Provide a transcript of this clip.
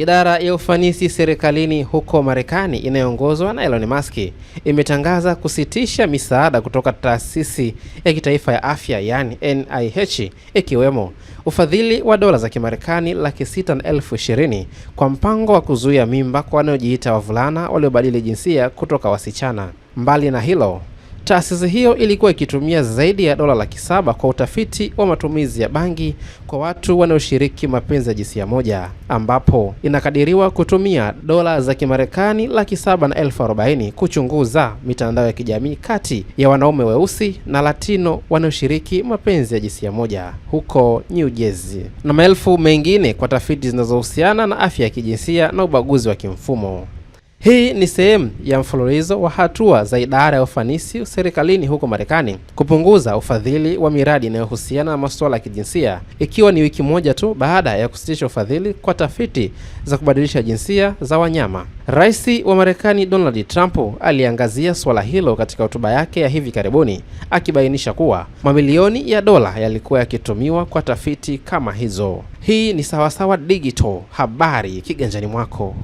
Idara ya ufanisi serikalini huko Marekani inayoongozwa na Elon Musk imetangaza kusitisha misaada kutoka taasisi ya kitaifa ya afya yaani NIH, ikiwemo ufadhili wa dola za Kimarekani laki sita na elfu ishirini kwa mpango wa kuzuia mimba kwa wanaojiita wavulana waliobadili jinsia kutoka wasichana. Mbali na hilo Taasisi hiyo ilikuwa ikitumia zaidi ya dola laki saba kwa utafiti wa matumizi ya bangi kwa watu wanaoshiriki mapenzi ya jinsia moja, ambapo inakadiriwa kutumia dola za Kimarekani laki saba na elfu arobaini kuchunguza mitandao ya kijamii kati ya wanaume weusi na Latino wanaoshiriki mapenzi ya jinsia moja huko New Jersey, na maelfu mengine kwa tafiti zinazohusiana na afya ya kijinsia na ubaguzi wa kimfumo. Hii ni sehemu ya mfululizo wa hatua za idara ya ufanisi serikalini huko Marekani kupunguza ufadhili wa miradi inayohusiana na masuala ya kijinsia, ikiwa ni wiki moja tu baada ya kusitisha ufadhili kwa tafiti za kubadilisha jinsia za wanyama. Rais wa Marekani Donald Trump aliangazia suala hilo katika hotuba yake ya hivi karibuni, akibainisha kuwa mamilioni ya dola yalikuwa yakitumiwa kwa tafiti kama hizo. Hii ni Sawasawa Digital, habari kiganjani mwako.